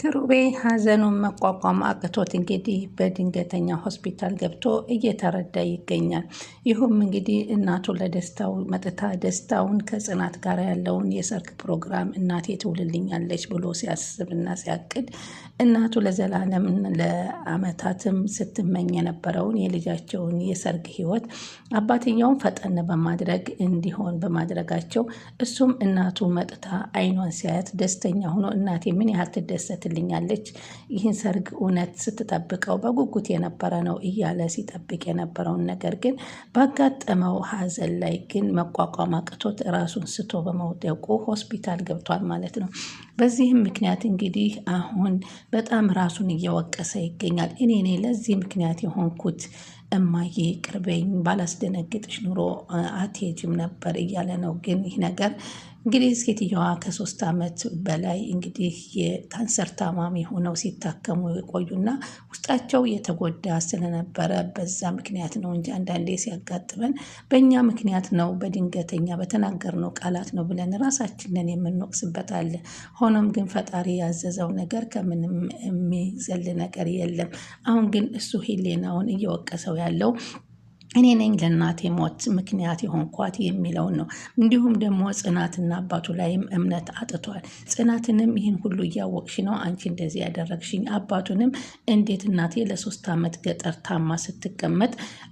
ክሩቤ ሀዘኑን መቋቋም አቅቶት እንግዲህ በድንገተኛ ሆስፒታል ገብቶ እየተረዳ ይገኛል። ይሁም እንግዲህ እናቱ ለደስታው መጥታ ደስታውን ከጽናት ጋር ያለውን የሰርግ ፕሮግራም እናቴ ትውልልኛለች ብሎ ሲያስብና ሲያቅድ እናቱ ለዘላለም ለአመታትም ስትመኝ የነበረውን የልጃቸውን የሰርግ ህይወት አባትየውን ፈጠን በማድረግ እንዲሆን በማድረጋቸው እሱም እናቱ መጥታ አይኗን ሲያያት ደስተኛ ሆኖ እናቴ ምን ያህል ትደሰት ትልኛለች። ይህን ሰርግ እውነት ስትጠብቀው በጉጉት የነበረ ነው እያለ ሲጠብቅ የነበረውን ነገር ግን ባጋጠመው ሀዘን ላይ ግን መቋቋም አቅቶት ራሱን ስቶ በመውደቁ ሆስፒታል ገብቷል ማለት ነው። በዚህም ምክንያት እንግዲህ አሁን በጣም ራሱን እየወቀሰ ይገኛል። እኔ እኔ ለዚህ ምክንያት የሆንኩት እማዬ ቅርበኝ ባላስደነግጥሽ ኑሮ አትሄጂም ነበር እያለ ነው። ግን ይህ ነገር እንግዲህ ሴትየዋ ከሶስት ዓመት በላይ እንግዲህ የካንሰር ታማሚ ሆነው ሲታከሙ የቆዩና ውስጣቸው የተጎዳ ስለነበረ በዛ ምክንያት ነው እንጂ አንዳንዴ ሲያጋጥመን በእኛ ምክንያት ነው፣ በድንገተኛ በተናገርነው ቃላት ነው ብለን ራሳችንን የምንወቅስበት አለ። ሆኖም ግን ፈጣሪ ያዘዘው ነገር ከምንም የሚዘል ነገር የለም። አሁን ግን እሱ ሂሌናውን እየወቀሰው ያለው እኔ ነኝ ለእናቴ ሞት ምክንያት የሆንኳት የሚለውን ነው። እንዲሁም ደግሞ ጽናትና አባቱ ላይም እምነት አጥቷል። ጽናትንም ይህን ሁሉ እያወቅሽ ነው አንቺ እንደዚህ ያደረግሽኝ፣ አባቱንም እንዴት እናቴ ለሶስት ዓመት ገጠር ታማ ስትቀመጥ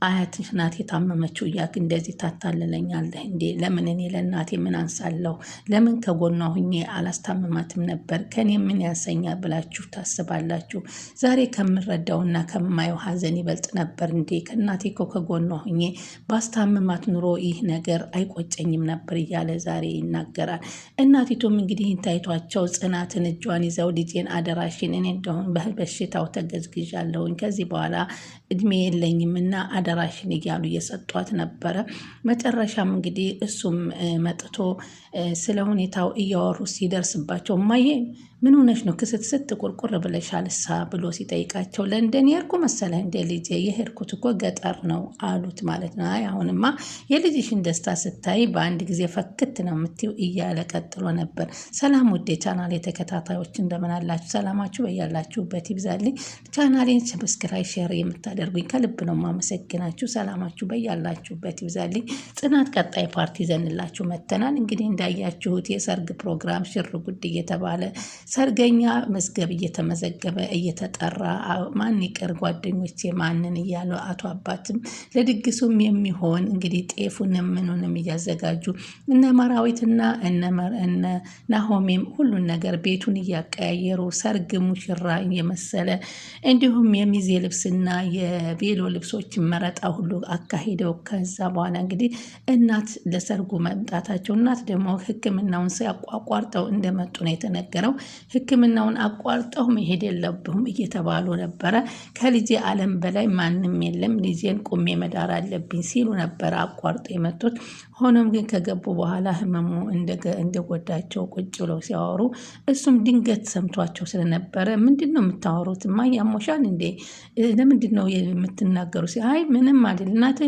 አያትሽ ናት የታመመችው እያክ እንደዚህ ታታልለኛለህ እንዴ? ለምን እኔ ለእናቴ ምን አንሳለሁ? ለምን ከጎኗ ሁኜ አላስታምማትም ነበር? ከኔ ምን ያንሰኛል ብላችሁ ታስባላችሁ? ዛሬ ከምረዳውና ከማየው ሀዘን ይበልጥ ነበር እንዴ ከእናቴ እኮ ከጎኗ ሆኜ ባስታምማት ኑሮ ይህ ነገር አይቆጨኝም ነበር እያለ ዛሬ ይናገራል። እናቲቱም እንግዲህ ታይቷቸው ጽናትን እጇን ይዘው ልጄን አደራሽን እኔ እንደሆን በበሽታው ተገዝግዣለሁኝ ከዚህ በኋላ እድሜ የለኝም እና አደራሽን እያሉ እየሰጧት ነበረ። መጨረሻም እንግዲህ እሱም መጥቶ ስለ ሁኔታው እያወሩ ሲደርስባቸው እማዬ ምን ሆነሽ ነው ክስትስት ቁርቁር ብለሻል ሳ ብሎ ሲጠይቃቸው ለንደን የሄድኩ መሰለህ እንደ ልጄ የሄድኩት እኮ ገጠር ነው አሉት ማለት ነው። አይ አሁንማ የልጅሽን ደስታ ስታይ በአንድ ጊዜ ፈክት ነው የምትይው እያለ ቀጥሎ ነበር። ሰላም ውዴ ቻናሌ ተከታታዮች እንደምን አላችሁ? ሰላማችሁ በያላችሁበት ይብዛልኝ። ቻናሌን ሰብስክራይብ፣ ሼር የምታደርጉኝ ከልብ ነው ማመሰግናችሁ። ሰላማችሁ በያላችሁበት ይብዛልኝ። ጽናት ቀጣይ ፓርቲ ዘንላችሁ መተናል። እንግዲህ እንዳያችሁት የሰርግ ፕሮግራም ሽር ጉድ እየተባለ ሰርገኛ መዝገብ እየተመዘገበ እየተጠራ ማን ይቅር ጓደኞቼ ማንን እያሉ አቶ አባትም ለድግሱም የሚሆን እንግዲህ ጤፉን ምኑንም እያዘጋጁ እነ መራዊትና እነ ናሆሜም ሁሉን ነገር ቤቱን እያቀያየሩ ሰርግ ሙሽራ እየመሰለ እንዲሁም የሚዜ ልብስና የቤሎ ልብሶች መረጣ ሁሉ አካሂደው ከዛ በኋላ እንግዲህ እናት ለሰርጉ መምጣታቸው እናት ደግሞ ሕክምናውን ሲያቋቋርጠው እንደመጡ ነው የተነገረው። ህክምናውን አቋርጠው መሄድ የለብሁም እየተባሉ ነበረ። ከልጄ አለም በላይ ማንም የለም፣ ልጄን ቁሜ መዳር አለብኝ ሲሉ ነበረ አቋርጠው የመጡት። ሆኖም ግን ከገቡ በኋላ ህመሙ እንደጎዳቸው ቁጭ ብለው ሲያወሩ እሱም ድንገት ሰምቷቸው ስለነበረ ምንድን ነው የምታወሩትማ? ያሞሻል እንዴ? ለምንድን ነው የምትናገሩ? አይ ምንም አይደል እናት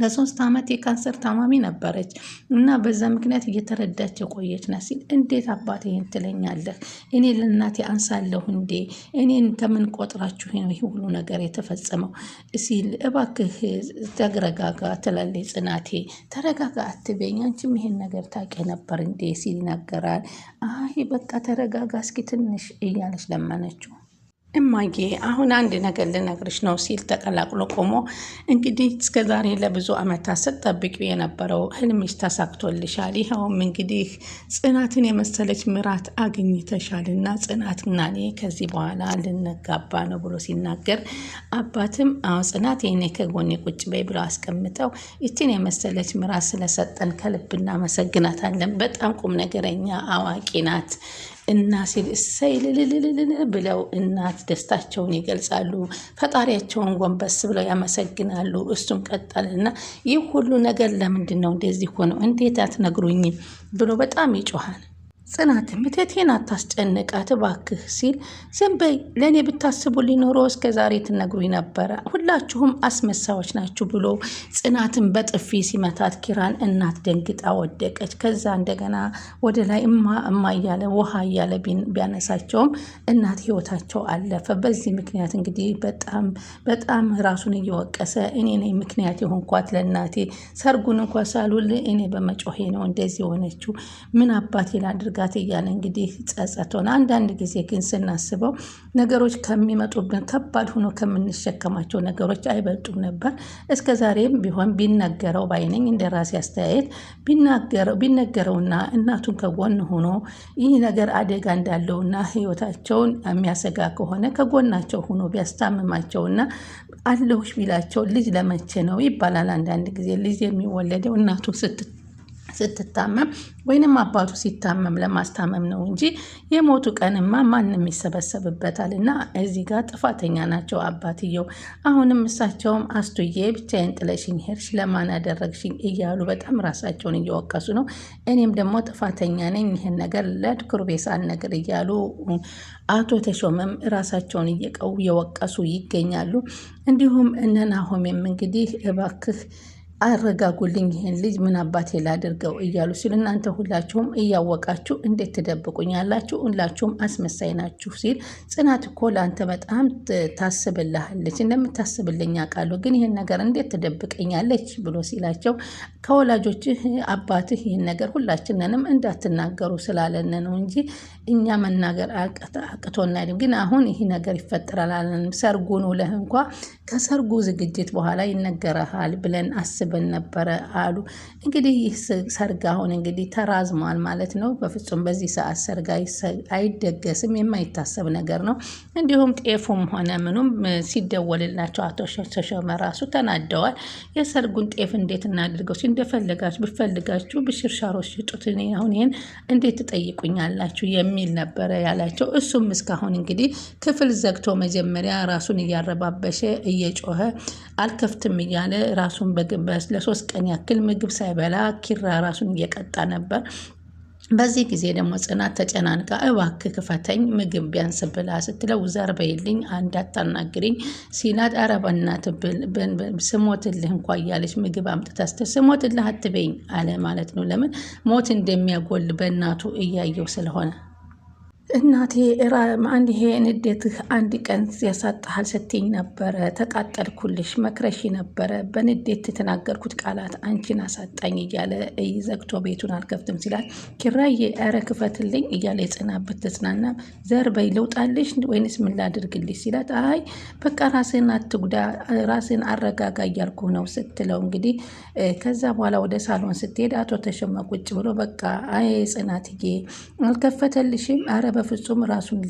ለሶስት ዓመት የካንሰር ታማሚ ነበረች እና በዛ ምክንያት እየተረዳች የቆየች ናት ሲል እንዴት አባት ይህን ትለኛለህ? እኔ ለእናቴ አንሳለሁ እንዴ? እኔን ከምን ቆጥራችሁ ነው ይህ ሁሉ ነገር የተፈጸመው? ሲል እባክህ ተረጋጋ ትላለች ጽናቴ። ተረጋጋ አትበይኝ፣ አንቺም ይሄን ነገር ታውቂ ነበር እንዴ? ሲል ይናገራል። አይ በቃ ተረጋጋ እስኪ ትንሽ እያለች ለመነችው። እማዬ አሁን አንድ ነገር ልነግርሽ ነው ሲል ተቀላቅሎ ቆሞ እንግዲህ ዛሬ ለብዙ ዓመታት ስትጠብቂው የነበረው ህልምሽ ተሳክቶልሻል። ይኸውም እንግዲህ ጽናትን የመሰለች ምራት አግኝተሻልና ጽናትና እኔ ከዚህ በኋላ ልንጋባ ነው ብሎ ሲናገር አባትም አዎ ጽናት ይህኔ ከጎኔ ቁጭ በይ ብለው አስቀምጠው ይችን የመሰለች ምራት ስለሰጠን ከልብ እናመሰግናታለን። በጣም ቁም ነገረኛ አዋቂ ናት። እና ሲል እሰይ ልልልልልል ብለው እናት ደስታቸውን ይገልጻሉ። ፈጣሪያቸውን ጎንበስ ብለው ያመሰግናሉ። እሱም ቀጠልና ይህ ሁሉ ነገር ለምንድን ነው እንደዚህ ሆነው እንዴት አትነግሩኝም ብሎ በጣም ይጮሃል። ጽናትም እቴቴን አታስጨንቃት እባክህ ሲል ዝም በይ ለእኔ ብታስቡ ሊኖረው እስከ ዛሬ ትነግሩኝ ነበረ፣ ሁላችሁም አስመሳዎች ናችሁ ብሎ ጽናትን በጥፊ ሲመታት ኪራን እናት ደንግጣ ወደቀች። ከዛ እንደገና ወደ ላይ እማ እማ እያለ ውሃ እያለ ቢያነሳቸውም እናት ህይወታቸው አለፈ። በዚህ ምክንያት እንግዲህ በጣም በጣም ራሱን እየወቀሰ እኔ ነኝ ምክንያት የሆንኳት ለእናቴ ሰርጉን እንኳ ሳሉል እኔ በመጮሄ ነው እንደዚህ የሆነችው ምን አባቴ ላድርጋ አድርጋት እያለ እንግዲህ ጸጸት ሆነ። አንዳንድ ጊዜ ግን ስናስበው ነገሮች ከሚመጡብን ከባድ ሆኖ ከምንሸከማቸው ነገሮች አይበልጡም ነበር። እስከ ዛሬም ቢሆን ቢነገረው ባይነኝ እንደ ራሴ አስተያየት ቢነገረውና እናቱን ከጎን ሆኖ ይህ ነገር አደጋ እንዳለውና ህይወታቸውን የሚያሰጋ ከሆነ ከጎናቸው ሆኖ ቢያስታምማቸውና አለሁሽ ቢላቸው ልጅ ለመቼ ነው ይባላል። አንዳንድ ጊዜ ልጅ የሚወለደው እናቱ ስትት ስትታመም ወይንም አባቱ ሲታመም ለማስታመም ነው እንጂ የሞቱ ቀንማ ማንም ይሰበሰብበታል። እና እዚህ ጋር ጥፋተኛ ናቸው አባትየው። አሁንም እሳቸውም አስቱዬ ብቻዬን ጥለሽኝ ሄድሽ፣ ለማን አደረግሽኝ እያሉ በጣም ራሳቸውን እየወቀሱ ነው። እኔም ደግሞ ጥፋተኛ ነኝ ይህን ነገር ለድኩር ቤሳን ነገር እያሉ አቶ ተሾመም ራሳቸውን እየቀው እየወቀሱ ይገኛሉ። እንዲሁም እነ ናሆሜም እንግዲህ እባክህ አረጋጉልኝ ይሄን ልጅ ምን አባቴ ላድርገው እያሉ ሲሉ እናንተ ሁላችሁም እያወቃችሁ እንዴት ትደብቁኛላችሁ? ሁላችሁም አስመሳይ ናችሁ ሲል ጽናት እኮ ለአንተ በጣም ታስብልሃለች፣ እንደምታስብልኝ አውቃለሁ፣ ግን ይህን ነገር እንዴት ትደብቀኛለች ብሎ ሲላቸው ከወላጆችህ አባትህ ይህን ነገር ሁላችንንም እንዳትናገሩ ስላለን ነው እንጂ እኛ መናገር አቅቶና ግን አሁን ይህ ነገር ይፈጠራል አለንም። ሰርጉን ውለህ እንኳ ከሰርጉ ዝግጅት በኋላ ይነገረሃል ብለን አስብ ያስብል ነበረ አሉ። እንግዲህ ይህ ሰርግ አሁን እንግዲህ ተራዝሟል ማለት ነው። በፍጹም በዚህ ሰዓት ሰርግ አይደገስም፣ የማይታሰብ ነገር ነው። እንዲሁም ጤፉም ሆነ ምኑም ሲደወልላቸው አቶ ተሾመ ራሱ ተናደዋል። የሰርጉን ጤፍ እንዴት እናድርገው እንደፈለጋችሁ ብፈልጋችሁ ብሽርሻሮች ሽጡት፣ አሁን ይህን እንዴት ትጠይቁኛላችሁ የሚል ነበረ ያላቸው። እሱም እስካሁን እንግዲህ ክፍል ዘግቶ መጀመሪያ ራሱን እያረባበሸ እየጮኸ አልከፍትም እያለ ራሱን ድረስ ለሶስት ቀን ያክል ምግብ ሳይበላ ኪራ ራሱን እየቀጣ ነበር። በዚህ ጊዜ ደግሞ ጽናት ተጨናንቃ እባክህ ክፈተኝ ምግብ ቢያንስ ብላ ስትለው ዘር በይልኝ እንዳታናግሪኝ ሲላት ኧረ በእናትህ ስሞትልህ እንኳ እያለች ምግብ አምጥታ ስትል ስሞትልህ አትበይኝ አለ ማለት ነው። ለምን ሞት እንደሚያጎል በእናቱ እያየው ስለሆነ እናቴ አንድ ይሄ ንዴትህ አንድ ቀን ያሳጣሃል ስትኝ ነበረ። ተቃጠልኩልሽ፣ መክረሽ ነበረ። በንዴት የተናገርኩት ቃላት አንቺን አሳጣኝ እያለ ዘግቶ ቤቱን አልከፍትም ሲላል ኪራዬ ኧረ ክፈትልኝ እያለ የጽናበት ተጽናና ዘር በይ ልውጣልሽ ወይንስ ምን ላድርግልሽ ሲላት አይ በቃ ራስህን አትጉዳ፣ ራስህን አረጋጋ እያልኩ ነው ስትለው እንግዲህ ከዛ በኋላ ወደ ሳሎን ስትሄድ አቶ ተሸመ ቁጭ ብሎ በቃ አይ ጽናትዬ አልከፈተልሽም ኧረ በፍጹም ራሱን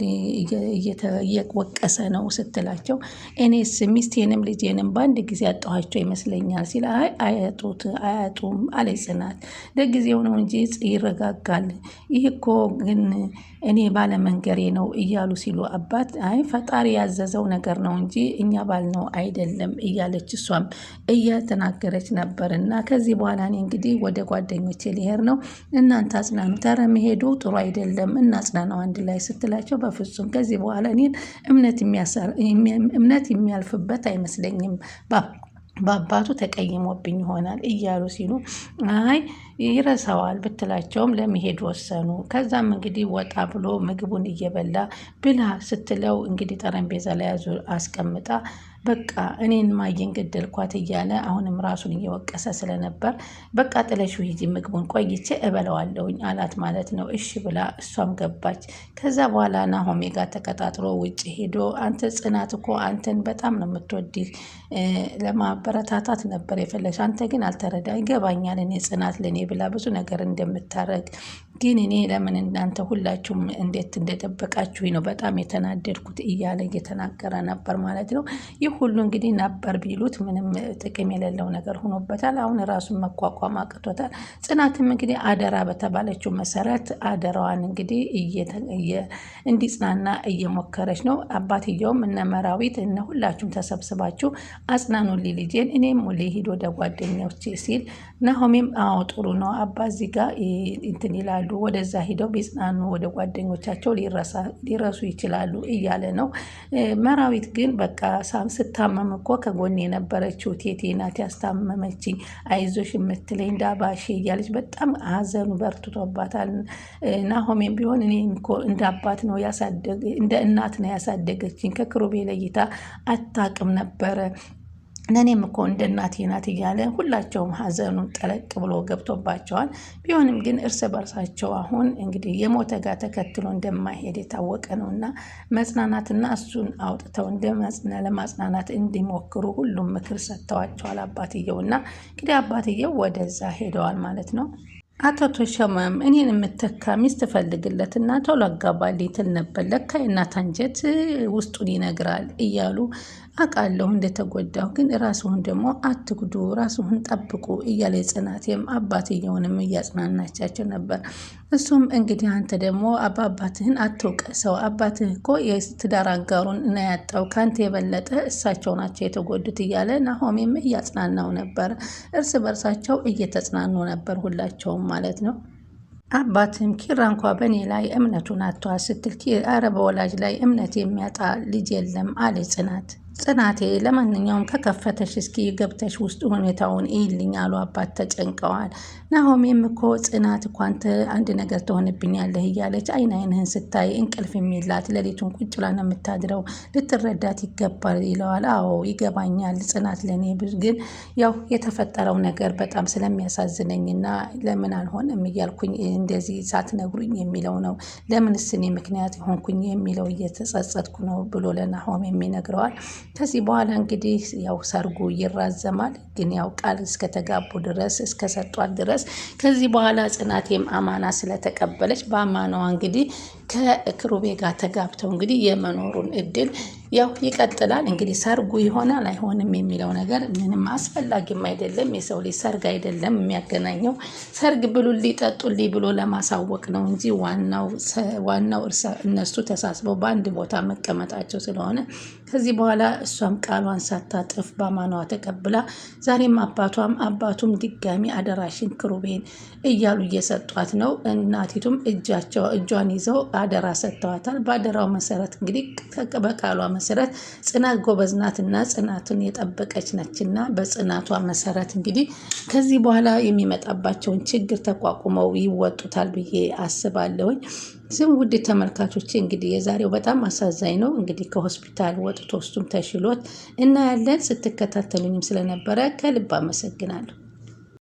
እየወቀሰ ነው ስትላቸው፣ እኔስ ሚስቴንም ልጄንም በአንድ ጊዜ አጣኋቸው ይመስለኛል ሲል አይ አያጡት አያጡም አለች ጽናት። ለጊዜው ነው እንጂ ይረጋጋል። ይህ እኮ ግን እኔ ባለመንገሬ ነው እያሉ ሲሉ አባት አይ ፈጣሪ ያዘዘው ነገር ነው እንጂ እኛ ባልነው አይደለም እያለች እሷም እየተናገረች ነበር። እና ከዚህ በኋላ እኔ እንግዲህ ወደ ጓደኞቼ ሊሄድ ነው እናንተ አጽናኑ፣ ተረ መሄዱ ጥሩ አይደለም እናጽናናው አንድ ላይ ስትላቸው በፍጹም ከዚህ በኋላ እኔን እምነት የሚያልፍበት አይመስለኝም በአባቱ ተቀይሞብኝ ይሆናል እያሉ ሲሉ አይ ይረሳዋል ብትላቸውም ለመሄድ ወሰኑ። ከዛም እንግዲህ ወጣ ብሎ ምግቡን እየበላ ብላ ስትለው እንግዲህ ጠረጴዛ ላይ ያዙ አስቀምጣ በቃ እኔን ማየን ገደልኳት እያለ አሁንም ራሱን እየወቀሰ ስለነበር በቃ ጥለሽ ሂጂ ምግቡን ቆይቼ እበለዋለሁኝ አላት ማለት ነው። እሺ ብላ እሷም ገባች። ከዛ በኋላ ናሆሜ ጋር ተቀጣጥሮ ውጭ ሄዶ አንተ ጽናት እኮ አንተን በጣም ነው የምትወድህ ለማበረታታት ነበር የፈለግሽ አንተ ግን አልተረዳ ይገባኛል እኔ ጽናት ለእኔ ብላ ብዙ ነገር እንደምታረግ ግን እኔ ለምን እናንተ ሁላችሁም እንዴት እንደጠበቃችሁ ነው በጣም የተናደድኩት እያለ እየተናገረ ነበር ማለት ነው። ይህ ሁሉ እንግዲህ ነበር ቢሉት ምንም ጥቅም የሌለው ነገር ሆኖበታል። አሁን ራሱን መቋቋም አቅቶታል። ጽናትም እንግዲህ አደራ በተባለችው መሰረት አደራዋን እንግዲህ እንዲጽናና እየሞከረች ነው። አባትየውም እነ መራዊት እነ ሁላችሁም ተሰብስባችሁ አጽናኑልኝ ልጄን፣ እኔም ሙሌ ሂድ ወደ ሲል ናሆሜም አዎ ጥሩ ነው አባ እዚህ ጋር እንትን ይላል ይችላሉ፣ ወደዛ ሂደው ቢጽናኑ ወደ ጓደኞቻቸው ሊረሱ ይችላሉ እያለ ነው። መራዊት ግን በቃ ስታመም እኮ ከጎን የነበረችው ቴቴ ናት ያስታመመችኝ፣ አይዞሽ የምትለኝ ዳባሽ እያለች በጣም ሀዘኑ በርትቶባታል። ናሆሜም ቢሆን እኔ እንደ አባት ነው እንደ እናት ነው ያሳደገችኝ፣ ከክሩቤ ለይታ አታቅም ነበረ እኔም እኮ እንደ እናቴ ናት እያለ ሁላቸውም ሀዘኑ ጠለቅ ብሎ ገብቶባቸዋል። ቢሆንም ግን እርስ በርሳቸው አሁን እንግዲህ የሞተ ጋር ተከትሎ እንደማይሄድ የታወቀ ነው እና መጽናናትና እሱን አውጥተው ለማጽናናት እንዲሞክሩ ሁሉም ምክር ሰጥተዋቸዋል አባትየው እና እንግዲህ አባትየው ወደዛ ሄደዋል ማለት ነው። አቶ ቶሸማም እኔን የምተካ ሚስት ፈልግለት እና ቶሎ አጋባልኝ ትል ነበር ለካ የእናት አንጀት ውስጡን ይነግራል እያሉ አውቃለሁ እንደተጎዳሁ፣ ግን ራስሁን ደግሞ አትጉዱ፣ ራስሁን ጠብቁ እያለ ጽናቴም አባትየውንም እያጽናናቻቸው ነበር። እሱም እንግዲህ አንተ ደግሞ አባትህን አትውቀሰው፣ አባትህ እኮ የትዳር አጋሩን ነው ያጣው፣ ከአንተ የበለጠ እሳቸው ናቸው የተጎዱት እያለ ናሆሜም እያጽናናው ነበር። እርስ በርሳቸው እየተጽናኑ ነበር ሁላቸውም ማለት ነው። አባትም ኪራ እንኳ በእኔ ላይ እምነቱን አቷ ስትል፣ ኧረ በወላጅ ላይ እምነት የሚያጣ ልጅ የለም አለ ጽናት። ጽናቴ ለማንኛውም ከከፈተሽ እስኪ ገብተሽ ውስጥ ሁኔታውን ይልኝ አሉ አባት ተጨንቀዋል። ናሆሜም እኮ ጽናት እኮ አንተ አንድ ነገር ትሆንብኛለህ እያለች አይን አይንህን ስታይ እንቅልፍ የሚላት ሌሊቱን ቁጭ ብላ ነው የምታድረው፣ ልትረዳት ይገባል ይለዋል። አዎ ይገባኛል ጽናት ለእኔ ብዙ ግን ያው የተፈጠረው ነገር በጣም ስለሚያሳዝነኝና ለምን አልሆንም እያልኩኝ እንደዚህ ሳትነግሩኝ የሚለው ነው። ለምንስ እኔ ምክንያት የሆንኩኝ የሚለው እየተጸጸትኩ ነው ብሎ ለናሆሜም ይነግረዋል። ከዚህ በኋላ እንግዲህ ያው ሰርጉ ይራዘማል። ግን ያው ቃል እስከተጋቡ ድረስ እስከሰጧት ድረስ ድረስ ከዚህ በኋላ ጽናቴም አማና ስለተቀበለች በአማናዋ እንግዲህ ከክሩቤ ጋር ተጋብተው እንግዲህ የመኖሩን እድል ያው ይቀጥላል እንግዲህ ሰርጉ ይሆናል አይሆንም የሚለው ነገር ምንም አስፈላጊም አይደለም። የሰው ልጅ ሰርግ አይደለም የሚያገናኘው ሰርግ ብሉልኝ ጠጡልኝ ብሎ ለማሳወቅ ነው እንጂ ዋናው እነሱ ተሳስበው በአንድ ቦታ መቀመጣቸው ስለሆነ ከዚህ በኋላ እሷም ቃሏን ሳታጥፍ በማኗ ተቀብላ ዛሬም አባቷም አባቱም ድጋሚ አደራሽን ክሩቤን እያሉ እየሰጧት ነው። እናቲቱም እጃቸው እጇን ይዘው አደራ ሰጥተዋታል። በአደራው መሰረት እንግዲህ በቃሏ መሰረት ጽናት ጎበዝ ናትና ጽናቱን የጠበቀች ነችና በጽናቷ መሰረት እንግዲህ ከዚህ በኋላ የሚመጣባቸውን ችግር ተቋቁመው ይወጡታል ብዬ አስባለሁኝ። ዝም ውድ ተመልካቾች እንግዲህ የዛሬው በጣም አሳዛኝ ነው። እንግዲህ ከሆስፒታል ወጥቶ እሱም ተሽሎት እናያለን። ስትከታተሉኝም ስለነበረ ከልብ አመሰግናለሁ።